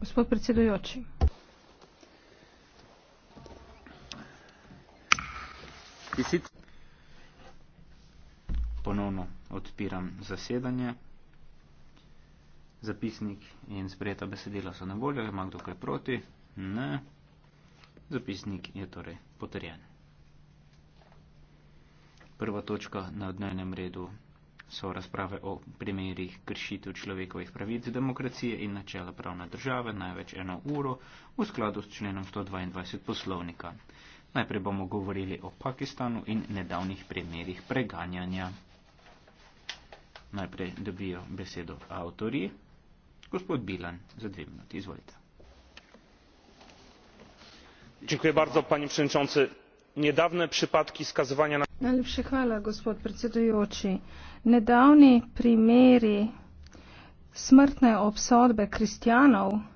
Gospod predsedujoči. Ponovno odpiram zasedanje. Zapisnik in sprejeta besedila so na voljo. Ima kdo kaj proti? Ne. Zapisnik je torej potrjen. Prva točka na dnevnem redu so razprave o primerih kršitev človekovih pravic, demokracije in načela pravne države največ eno uro v skladu s členom 122 poslovnika. Najprej bomo govorili o Pakistanu in nedavnih primerih preganjanja. Najprej dobijo besedo avtori. Gospod Bilan, za dve minuti, izvolite. Dziękuję bardzo, panie przewodniczący nedavne przypadki skazywania na. Najlepsze hvala, gospod predsedujoči. Nedavni primeri smrtne obsodbe kristjanov.